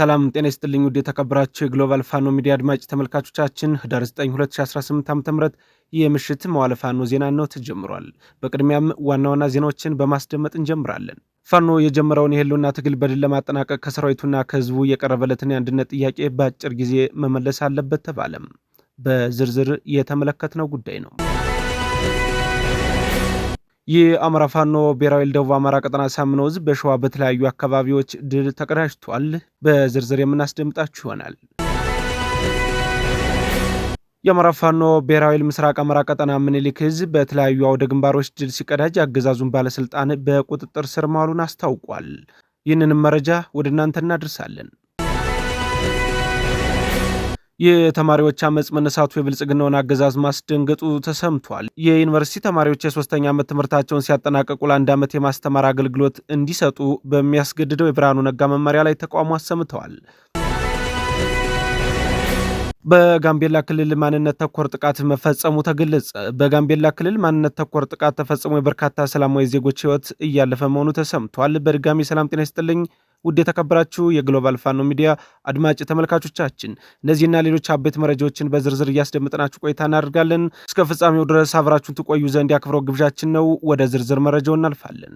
ሰላም ጤና ይስጥልኝ ውድ የተከበራችሁ የግሎባል ፋኖ ሚዲያ አድማጭ ተመልካቾቻችን ህዳር 9 2018 ዓ.ም የምሽት መዋለ ፋኖ ዜና ነው ተጀምሯል። በቅድሚያም ዋና ዋና ዜናዎችን በማስደመጥ እንጀምራለን። ፋኖ የጀመረውን የህልውና ትግል በድል ለማጠናቀቅ ከሰራዊቱና ከህዝቡ የቀረበለትን የአንድነት ጥያቄ በአጭር ጊዜ መመለስ አለበት ተባለም። በዝርዝር የተመለከትነው ጉዳይ ነው። የአማራ ፋኖ ብሔራዊ ደቡብ አማራ ቀጠና ሳምኖ ዕዝ በሸዋ በተለያዩ አካባቢዎች ድል ተቀዳጅቷል። በዝርዝር የምናስደምጣችሁ ይሆናል። የአማራ ፋኖ ብሔራዊ ምስራቅ አማራ ቀጠና ምኒልክ ህዝብ በተለያዩ አውደ ግንባሮች ድል ሲቀዳጅ አገዛዙን ባለስልጣን በቁጥጥር ስር ማሉን አስታውቋል። ይህንንም መረጃ ወደ እናንተ እናደርሳለን። የተማሪዎች አመፅ መነሳቱ የብልጽግናውን አገዛዝ ማስደንገጡ ተሰምቷል። የዩኒቨርሲቲ ተማሪዎች የሶስተኛ ዓመት ትምህርታቸውን ሲያጠናቀቁ ለአንድ ዓመት የማስተማር አገልግሎት እንዲሰጡ በሚያስገድደው የብርሃኑ ነጋ መመሪያ ላይ ተቃውሞ አሰምተዋል። በጋምቤላ ክልል ማንነት ተኮር ጥቃት መፈጸሙ ተገለጸ። በጋምቤላ ክልል ማንነት ተኮር ጥቃት ተፈጽሞ የበርካታ ሰላማዊ ዜጎች ሕይወት እያለፈ መሆኑ ተሰምቷል። በድጋሚ ሰላም ጤና ይስጥልኝ። ውድ የተከበራችሁ የግሎባል ፋኖ ሚዲያ አድማጭ ተመልካቾቻችን እነዚህና ሌሎች አበይት መረጃዎችን በዝርዝር እያስደምጥናችሁ ቆይታ እናደርጋለን። እስከ ፍጻሜው ድረስ አብራችሁን ትቆዩ ዘንድ ያክብረው ግብዣችን ነው። ወደ ዝርዝር መረጃው እናልፋለን።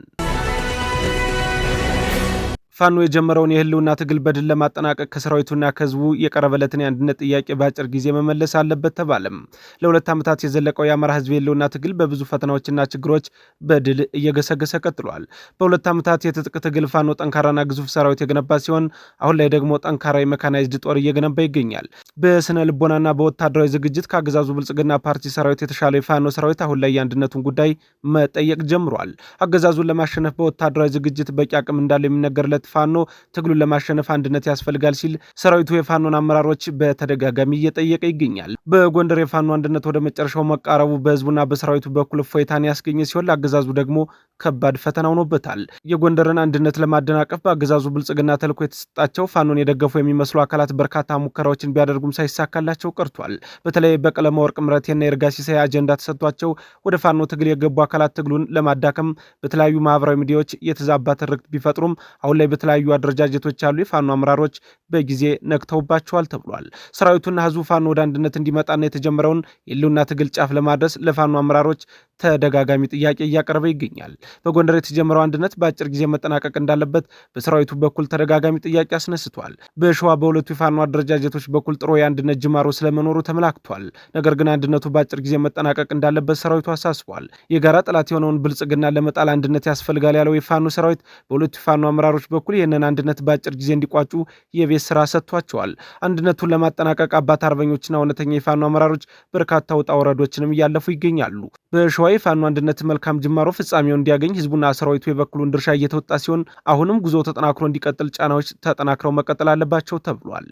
ፋኖ የጀመረውን የህልውና ትግል በድል ለማጠናቀቅ ከሰራዊቱና ከህዝቡ የቀረበለትን የአንድነት ጥያቄ በአጭር ጊዜ መመለስ አለበት ተባለም። ለሁለት ዓመታት የዘለቀው የአማራ ህዝብ የህልውና ትግል በብዙ ፈተናዎችና ችግሮች በድል እየገሰገሰ ቀጥሏል። በሁለት ዓመታት የትጥቅ ትግል ፋኖ ጠንካራና ግዙፍ ሰራዊት የገነባ ሲሆን አሁን ላይ ደግሞ ጠንካራ የመካናይዝድ ጦር እየገነባ ይገኛል። በስነ ልቦናና በወታደራዊ ዝግጅት ከአገዛዙ ብልጽግና ፓርቲ ሰራዊት የተሻለ የፋኖ ሰራዊት አሁን ላይ የአንድነቱን ጉዳይ መጠየቅ ጀምሯል። አገዛዙን ለማሸነፍ በወታደራዊ ዝግጅት በቂ አቅም እንዳለው የሚነገርለት መንግስት ፋኖ ትግሉን ለማሸነፍ አንድነት ያስፈልጋል ሲል ሰራዊቱ የፋኖን አመራሮች በተደጋጋሚ እየጠየቀ ይገኛል። በጎንደር የፋኖ አንድነት ወደ መጨረሻው መቃረቡ በህዝቡና በሰራዊቱ በኩል እፎይታን ያስገኘ ሲሆን ለአገዛዙ ደግሞ ከባድ ፈተና ሆኖበታል። የጎንደርን አንድነት ለማደናቀፍ በአገዛዙ ብልጽግና ተልኮ የተሰጣቸው ፋኖን የደገፉ የሚመስሉ አካላት በርካታ ሙከራዎችን ቢያደርጉም ሳይሳካላቸው ቀርቷል። በተለይ በቀለመ ወርቅ ምረቴና የእርጋ ሲሳይ አጀንዳ ተሰጥቷቸው ወደ ፋኖ ትግል የገቡ አካላት ትግሉን ለማዳከም በተለያዩ ማህበራዊ ሚዲያዎች የተዛባ ትርክት ቢፈጥሩም አሁን ላይ በተለያዩ አደረጃጀቶች ያሉ የፋኖ አመራሮች በጊዜ ነክተውባቸዋል ተብሏል። ሰራዊቱና ህዝቡ ፋኖ ወደ አንድነት እንዲመጣና የተጀመረውን የህልውና ትግል ጫፍ ለማድረስ ለፋኖ አመራሮች ተደጋጋሚ ጥያቄ እያቀረበ ይገኛል። በጎንደር የተጀመረው አንድነት በአጭር ጊዜ መጠናቀቅ እንዳለበት በሰራዊቱ በኩል ተደጋጋሚ ጥያቄ አስነስቷል። በሸዋ በሁለቱ የፋኖ አደረጃጀቶች በኩል ጥሩ የአንድነት ጅማሮ ስለመኖሩ ተመላክቷል። ነገር ግን አንድነቱ በአጭር ጊዜ መጠናቀቅ እንዳለበት ሰራዊቱ አሳስቧል። የጋራ ጠላት የሆነውን ብልጽግና ለመጣል አንድነት ያስፈልጋል ያለው የፋኖ ሰራዊት በሁለቱ የፋኖ አመራሮች በኩል ይህንን አንድነት በአጭር ጊዜ እንዲቋጩ የቤት ስራ ሰጥቷቸዋል። አንድነቱን ለማጠናቀቅ አባት አርበኞችና እውነተኛ የፋኖ አመራሮች በርካታ ውጣ ወረዶችንም እያለፉ ይገኛሉ። በሸዋ የፋኖ አንድነት መልካም ጅማሮ ፍጻሜው እንዲያገኝ ህዝቡና ሰራዊቱ የበኩሉን ድርሻ እየተወጣ ሲሆን አሁንም ጉዞ ተጠናክሮ እንዲቀጥል ጫናዎች ተጠናክረው መቀጠል አለባቸው ተብሏል።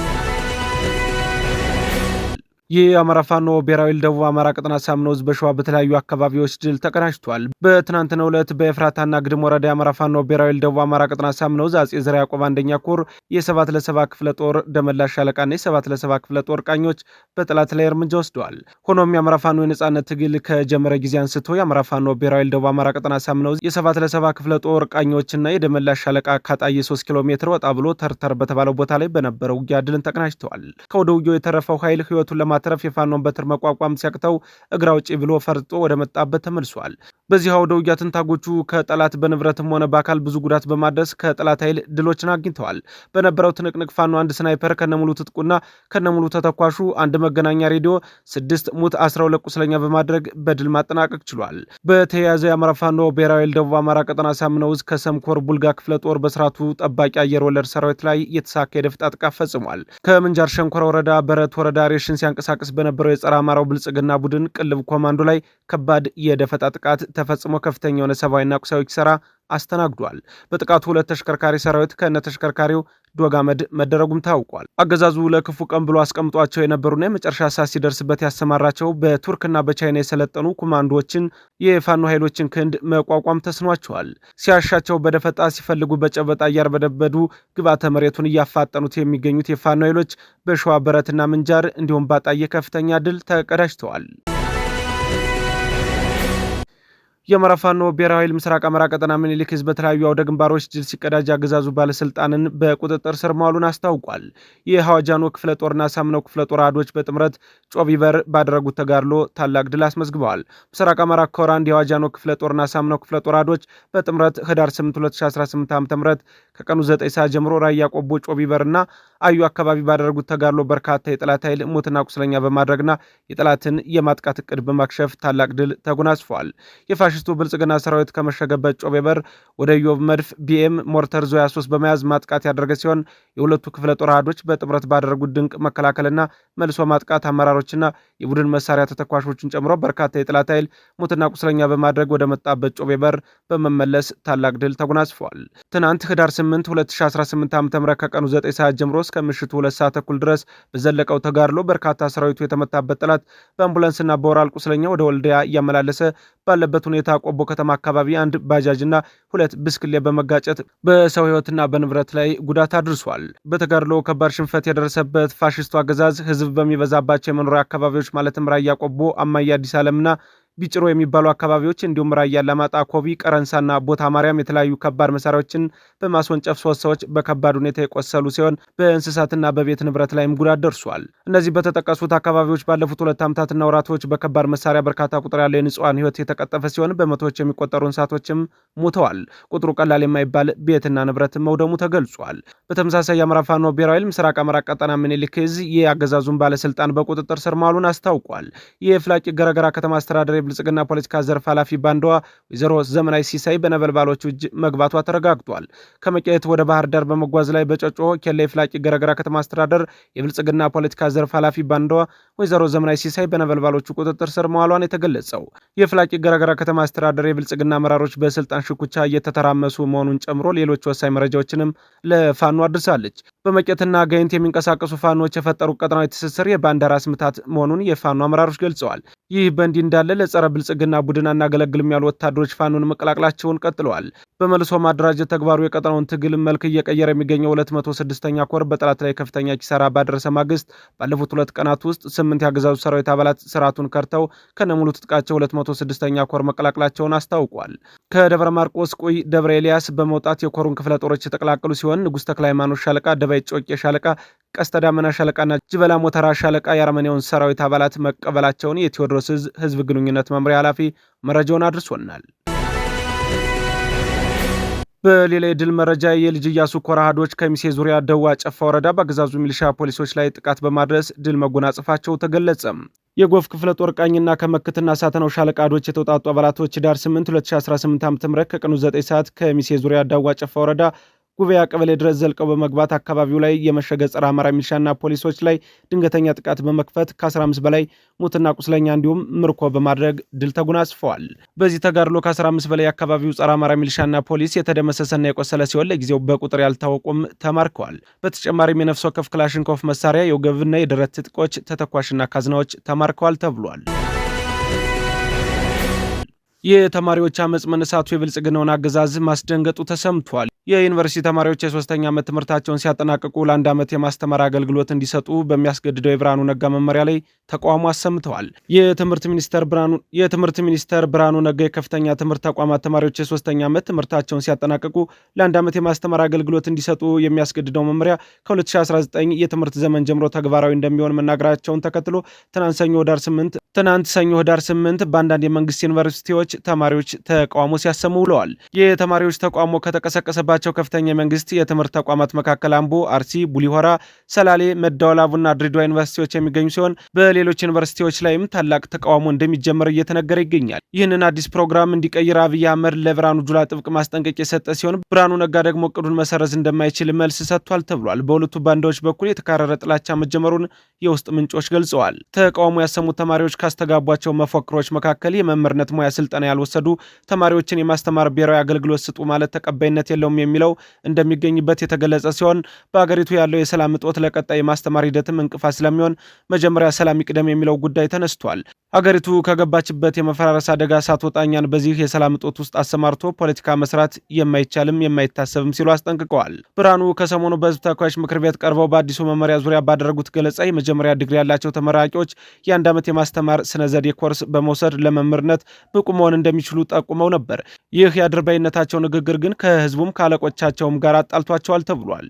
ይህ የአማራ ፋኖ ብሔራዊ ደቡብ አማራ ቅጥና ሳምኖ ህዝብ በሸዋ በተለያዩ አካባቢዎች ድል ተቀዳጅቷል። በትናንትናው ዕለት በኤፍራታና ግድም ወረዳ የአማራ ፋኖ ብሔራዊ ደቡብ አማራ ቅጥና ሳምኖ እዝ አጼ ዘርዓ ያዕቆብ አንደኛ ኮር የሰባት ለሰባ ክፍለ ጦር ደመላሽ ሻለቃና የሰባት ለሰባ ክፍለ ጦር ቃኞች በጠላት ላይ እርምጃ ወስደዋል። ሆኖም የአማራ ፋኖ የነጻነት ትግል ከጀመረ ጊዜ አንስቶ የአማራ ፋኖ ብሔራዊ ደቡብ አማራ ቅጥና ሳምኖ እዝ የሰባት ለሰባ ክፍለ ጦር ቃኞችና የደመላሽ ሻለቃ ካጣየ ሶስት ኪሎ ሜትር ወጣ ብሎ ተርተር በተባለው ቦታ ላይ በነበረው ውጊያ ድልን ተቀናጅተዋል። ከወደ ውጊያው የተረፈው ኃይል ህይወቱን ለማ በማትረፍ የፋኖን በትር መቋቋም ሲያቅተው እግራ ውጪ ብሎ ፈርጦ ወደ መጣበት ተመልሷል። በዚህ አውደ ውጊያ ትንታጎቹ ከጠላት በንብረትም ሆነ በአካል ብዙ ጉዳት በማድረስ ከጠላት ኃይል ድሎችን አግኝተዋል። በነበረው ትንቅንቅ ፋኖ አንድ ስናይፐር ከነሙሉ ትጥቁና ከነሙሉ ተተኳሹ፣ አንድ መገናኛ ሬዲዮ፣ ስድስት ሙት፣ አስራ ሁለት ቁስለኛ በማድረግ በድል ማጠናቀቅ ችሏል። በተያያዘ የአማራ ፋኖ ብሔራዊ ደቡብ አማራ ቀጠና ሳምነው ከሰምኮር ቡልጋ ክፍለ ጦር በስርዓቱ ጠባቂ አየር ወለድ ሰራዊት ላይ የተሳካ የደፍጣ ጥቃት ፈጽሟል። ከምንጃር ሸንኮራ ወረዳ በረት ወረዳ ሬሽን ሲያንቀሳ ሲንቀሳቀስ በነበረው የጸረ አማራው ብልጽግና ቡድን ቅልብ ኮማንዶ ላይ ከባድ የደፈጣ ጥቃት ተፈጽሞ ከፍተኛ የሆነ ሰብአዊና ቁሳዊ ኪሳራ አስተናግዷል። በጥቃቱ ሁለት ተሽከርካሪ ሰራዊት ከነ ተሽከርካሪው ዶጋመድ መደረጉም ታውቋል። አገዛዙ ለክፉ ቀን ብሎ አስቀምጧቸው የነበሩና የመጨረሻ ሳ ሲደርስበት ያሰማራቸው በቱርክና በቻይና የሰለጠኑ ኮማንዶዎችን የፋኖ ኃይሎችን ክንድ መቋቋም ተስኗቸዋል። ሲያሻቸው በደፈጣ ሲፈልጉ በጨበጣ እያርበደበዱ ግብዓተ መሬቱን እያፋጠኑት የሚገኙት የፋኖ ኃይሎች በሸዋ በረትና ምንጃር እንዲሁም ባጣዬ ከፍተኛ ድል ተቀዳጅተዋል። የአማራ ፋኖ ብሔራዊ ኃይል ምስራቅ አማራ ቀጠና ምኒልክ ህዝብ በተለያዩ አውደ ግንባሮች ድል ሲቀዳጅ አገዛዙ ባለስልጣንን በቁጥጥር ስር መዋሉን አስታውቋል። የሐዋጃኖ ክፍለ ጦርና ሳምነው ክፍለ ጦር አዶች በጥምረት ጮቢበር ባደረጉት ተጋድሎ ታላቅ ድል አስመዝግበዋል። ምስራቅ አማራ ኮር አንድ የሐዋጃኖ ክፍለ ጦርና ሳምነው ክፍለ ጦር አዶች በጥምረት ህዳር 8 2018 ዓ ም ከቀኑ 9 ሰዓት ጀምሮ ራያ ቆቦ ጮቢበርና አዩ አካባቢ ባደረጉት ተጋድሎ በርካታ የጠላት ኃይል ሞትና ቁስለኛ በማድረግና የጠላትን የማጥቃት እቅድ በማክሸፍ ታላቅ ድል ተጎናጽፏል። የፋሽስቱ ብልጽግና ሰራዊት ከመሸገበት ጮቤ በር ወደ ዮብ መድፍ ቢኤም ሞርተር ዙ 3 በመያዝ ማጥቃት ያደረገ ሲሆን የሁለቱ ክፍለ ጦር አሃዶች በጥምረት ባደረጉት ድንቅ መከላከልና መልሶ ማጥቃት አመራሮችና የቡድን መሳሪያ ተተኳሾችን ጨምሮ በርካታ የጥላት ኃይል ሞትና ቁስለኛ በማድረግ ወደ መጣበት ጮቤ በር በመመለስ ታላቅ ድል ተጎናጽፏል። ትናንት ህዳር 8 2018 ዓ ም ከቀኑ 9 ሰዓት ጀምሮ እስከ ምሽቱ 2 ሰዓት ተኩል ድረስ በዘለቀው ተጋድሎ በርካታ ሰራዊቱ የተመታበት ጠላት በአምቡላንስና በወራል ቁስለኛ ወደ ወልዲያ እያመላለሰ ባለበት ሁኔታ ቆቦ ከተማ አካባቢ አንድ ባጃጅና ሁለት ብስክሌት በመጋጨት በሰው ህይወትና በንብረት ላይ ጉዳት አድርሷል። በተጋድሎ ከባድ ሽንፈት የደረሰበት ፋሽስቱ አገዛዝ ህዝብ በሚበዛባቸው የመኖሪያ አካባቢዎች ማለትም ራያ ቆቦ፣ አማያ፣ አዲስ ዓለምና ቢጭሮ የሚባሉ አካባቢዎች እንዲሁም ራያ ለማጣ ኮቢ፣ ቀረንሳና ቦታ ማርያም የተለያዩ ከባድ መሳሪያዎችን በማስወንጨፍ ሶስት ሰዎች በከባድ ሁኔታ የቆሰሉ ሲሆን በእንስሳትና በቤት ንብረት ላይም ጉዳት ደርሷል። እነዚህ በተጠቀሱት አካባቢዎች ባለፉት ሁለት ዓመታትና ወራቶች በከባድ መሳሪያ በርካታ ቁጥር ያለው የንጹሐን ህይወት የተቀጠፈ ሲሆን በመቶዎች የሚቆጠሩ እንስሳቶችም ሙተዋል። ቁጥሩ ቀላል የማይባል ቤትና ንብረት መውደሙ ተገልጿል። በተመሳሳይ የአማራ ፋኖ ብሔራዊ ኃይል ምስራቅ አማራ ቀጠና ምኒልክ የአገዛዙን ባለስልጣን በቁጥጥር ስር ማዋሉን አስታውቋል። የፍላቂ ገረገራ ከተማ አስተዳደር የብልጽግና ፖለቲካ ዘርፍ ኃላፊ ባንዷ ወይዘሮ ዘመናዊ ሲሳይ በነበልባሎች እጅ መግባቷ ተረጋግጧል። ከመቄት ወደ ባህር ዳር በመጓዝ ላይ በጨጮ ኬላ ፍላቂ ገረገራ ከተማ አስተዳደር የብልጽግና ፖለቲካ ዘርፍ ኃላፊ ባንዷ ወይዘሮ ዘመናዊ ሲሳይ በነበልባሎቹ ቁጥጥር ስር መዋሏን የተገለጸው የፍላቂ ገረገራ ከተማ አስተዳደር የብልጽግና አመራሮች በስልጣን ሽኩቻ እየተተራመሱ መሆኑን ጨምሮ ሌሎች ወሳኝ መረጃዎችንም ለፋኑ አድርሳለች። በመቄትና ጋይንት የሚንቀሳቀሱ ፋኖች የፈጠሩ ቀጠናዊ ትስስር የባንደራስ ምታት መሆኑን የፋኖ አመራሮች ገልጸዋል። ይህ በእንዲህ እንዳለ ለጸረ ብልጽግና ቡድን አናገለግልም ያሉ ወታደሮች ፋኖን መቀላቀላቸውን ቀጥለዋል። በመልሶ ማደራጀት ተግባሩ የቀጠናውን ትግል መልክ እየቀየረ የሚገኘው 206ኛ ኮር በጠላት ላይ ከፍተኛ ኪሳራ ባደረሰ ማግስት ባለፉት ሁለት ቀናት ውስጥ ስምንት የአገዛዙ ሰራዊት አባላት ስርዓቱን ከርተው ከነሙሉ ትጥቃቸው 206ኛ ኮር መቀላቀላቸውን አስታውቋል። ከደብረ ማርቆስ ቁይ ደብረ ኤልያስ በመውጣት የኮሩን ክፍለ ጦሮች የተቀላቀሉ ሲሆን ንጉሥ ተክለ ሃይማኖት ሻለቃ፣ ደባይ ጮቄ ሻለቃ፣ ቀስተ ዳመና ሻለቃና ጅበላ ሞተራ ሻለቃ የአርመኒያውን ሰራዊት አባላት መቀበላቸውን የቴዎድሮስ ህዝብ ግንኙነት መምሪያ ኃላፊ መረጃውን አድርሶናል። በሌላ የድል መረጃ የልጅ እያሱ ኮራሃዶች ከሚሴ ዙሪያ ደዋ ጨፋ ወረዳ በአገዛዙ ሚሊሻ ፖሊሶች ላይ ጥቃት በማድረስ ድል መጎናጸፋቸው ተገለጸ። የጎፍ ክፍለ ጦር ቃኝና ከመክትና ሳተናው ሻለቃዶች የተውጣጡ አባላቶች ዳር 8 2018 ዓ ም ከቀኑ 9 ሰዓት ከሚሴ ዙሪያ ዳዋ ጨፋ ወረዳ ጉባኤ ቀበሌ ድረስ ዘልቀው በመግባት አካባቢው ላይ የመሸገ ጸረ አማራ ሚሊሻና ፖሊሶች ላይ ድንገተኛ ጥቃት በመክፈት ከ15 በላይ ሞትና ቁስለኛ እንዲሁም ምርኮ በማድረግ ድል ተጎናጽፈዋል። በዚህ ተጋድሎ ከ15 በላይ የአካባቢው ጸረ አማራ ሚሊሻና ፖሊስ የተደመሰሰና የቆሰለ ሲሆን ለጊዜው በቁጥር ያልታወቁም ተማርከዋል። በተጨማሪም የነፍስ ወከፍ ክላሽንኮፍ መሳሪያ፣ የወገብና የደረት ትጥቆች፣ ተተኳሽና ካዝናዎች ተማርከዋል ተብሏል። የተማሪዎች አመፅ መነሳቱ የብልጽግናውን አገዛዝ ማስደንገጡ ተሰምቷል። የዩኒቨርሲቲ ተማሪዎች የሶስተኛ ዓመት ትምህርታቸውን ሲያጠናቅቁ ለአንድ ዓመት የማስተማር አገልግሎት እንዲሰጡ በሚያስገድደው የብርሃኑ ነጋ መመሪያ ላይ ተቃውሞ አሰምተዋል። የትምህርት ሚኒስተር ብርሃኑ ነጋ የከፍተኛ ትምህርት ተቋማት ተማሪዎች የሶስተኛ ዓመት ትምህርታቸውን ሲያጠናቅቁ ለአንድ ዓመት የማስተማር አገልግሎት እንዲሰጡ የሚያስገድደው መመሪያ ከ2019 የትምህርት ዘመን ጀምሮ ተግባራዊ እንደሚሆን መናገራቸውን ተከትሎ ትናንት ሰኞ ህዳር 8 ትናንት ሰኞ ህዳር 8 በአንዳንድ የመንግስት ዩኒቨርሲቲዎች ተማሪዎች ተቃውሞ ሲያሰሙ ውለዋል። የተማሪዎች ተቃውሞ ከተቀሰቀሰ ከሚገኙባቸው ከፍተኛ የመንግስት የትምህርት ተቋማት መካከል አምቦ፣ አርሲ፣ ቡሊሆራ፣ ሰላሌ፣ መደወላቡና ድሬዳዋ ዩኒቨርሲቲዎች የሚገኙ ሲሆን በሌሎች ዩኒቨርሲቲዎች ላይም ታላቅ ተቃውሞ እንደሚጀመር እየተነገረ ይገኛል። ይህንን አዲስ ፕሮግራም እንዲቀይር አብይ አህመድ ለብርሃኑ ጁላ ጥብቅ ማስጠንቀቂያ የሰጠ ሲሆን ብርሃኑ ነጋ ደግሞ እቅዱን መሰረዝ እንደማይችል መልስ ሰጥቷል ተብሏል። በሁለቱ ባንዳዎች በኩል የተካረረ ጥላቻ መጀመሩን የውስጥ ምንጮች ገልጸዋል። ተቃውሞ ያሰሙት ተማሪዎች ካስተጋቧቸው መፎክሮች መካከል የመምህርነት ሙያ ስልጠና ያልወሰዱ ተማሪዎችን የማስተማር ብሔራዊ አገልግሎት ስጡ ማለት ተቀባይነት የለውም የሚለው እንደሚገኝበት የተገለጸ ሲሆን በአገሪቱ ያለው የሰላም እጦት ለቀጣይ የማስተማር ሂደትም እንቅፋት ስለሚሆን መጀመሪያ ሰላም ይቅደም የሚለው ጉዳይ ተነስቷል። አገሪቱ ከገባችበት የመፈራረስ አደጋ ሳትወጣ እኛን በዚህ የሰላም እጦት ውስጥ አሰማርቶ ፖለቲካ መስራት የማይቻልም የማይታሰብም ሲሉ አስጠንቅቀዋል። ብርሃኑ ከሰሞኑ በህዝብ ተወካዮች ምክር ቤት ቀርበው በአዲሱ መመሪያ ዙሪያ ባደረጉት ገለጻ የመጀመሪያ ዲግሪ ያላቸው ተመራቂዎች የአንድ ዓመት የማስተማር ስነ ዘዴ ኮርስ በመውሰድ ለመምህርነት ብቁ መሆን እንደሚችሉ ጠቁመው ነበር። ይህ የአድርባይነታቸው ንግግር ግን ከህዝቡም ካለ ከአለቆቻቸውም ጋር አጣልቷቸዋል ተብሏል።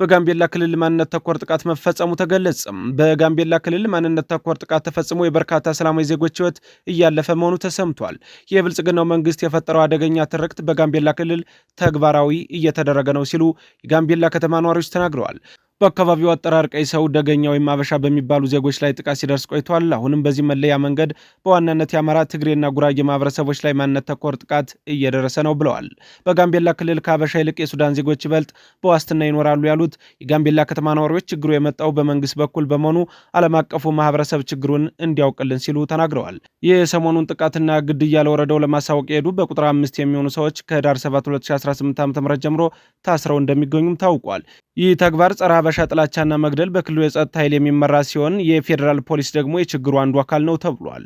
በጋምቤላ ክልል ማንነት ተኮር ጥቃት መፈጸሙ ተገለጸም። በጋምቤላ ክልል ማንነት ተኮር ጥቃት ተፈጽሞ የበርካታ ሰላማዊ ዜጎች ህይወት እያለፈ መሆኑ ተሰምቷል። የብልጽግናው መንግስት የፈጠረው አደገኛ ትርክት በጋምቤላ ክልል ተግባራዊ እየተደረገ ነው ሲሉ የጋምቤላ ከተማ ነዋሪዎች ተናግረዋል። በአካባቢው አጠራር ቀይ ሰው፣ ደገኛ ወይም አበሻ በሚባሉ ዜጎች ላይ ጥቃት ሲደርስ ቆይቷል። አሁንም በዚህ መለያ መንገድ በዋናነት የአማራ ትግሬና ጉራጌ ማህበረሰቦች ላይ ማንነት ተኮር ጥቃት እየደረሰ ነው ብለዋል። በጋምቤላ ክልል ከአበሻ ይልቅ የሱዳን ዜጎች ይበልጥ በዋስትና ይኖራሉ ያሉት የጋምቤላ ከተማ ነዋሪዎች ችግሩ የመጣው በመንግስት በኩል በመሆኑ ዓለም አቀፉ ማህበረሰብ ችግሩን እንዲያውቅልን ሲሉ ተናግረዋል። ይህ የሰሞኑን ጥቃትና ግድያ ለወረደው ለማሳወቅ የሄዱ በቁጥር አምስት የሚሆኑ ሰዎች ከህዳር 7 2018 ዓ ም ጀምሮ ታስረው እንደሚገኙም ታውቋል። ይህ ተግባር ጸረ ሀበሻ ጥላቻና መግደል በክልሉ የጸጥታ ኃይል የሚመራ ሲሆን የፌዴራል ፖሊስ ደግሞ የችግሩ አንዱ አካል ነው ተብሏል።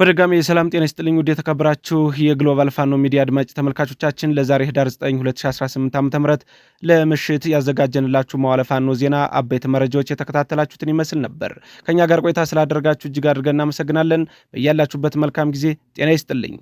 በድጋሚ የሰላም ጤና ይስጥልኝ ውድ የተከበራችሁ የግሎባል ፋኖ ሚዲያ አድማጭ ተመልካቾቻችን ለዛሬ ህዳር 9 2018 ዓ ም ለምሽት ያዘጋጀንላችሁ መዋለ ፋኖ ዜና አበይት መረጃዎች የተከታተላችሁትን ይመስል ነበር። ከእኛ ጋር ቆይታ ስላደረጋችሁ እጅግ አድርገን እናመሰግናለን። በያላችሁበት መልካም ጊዜ ጤና ይስጥልኝ።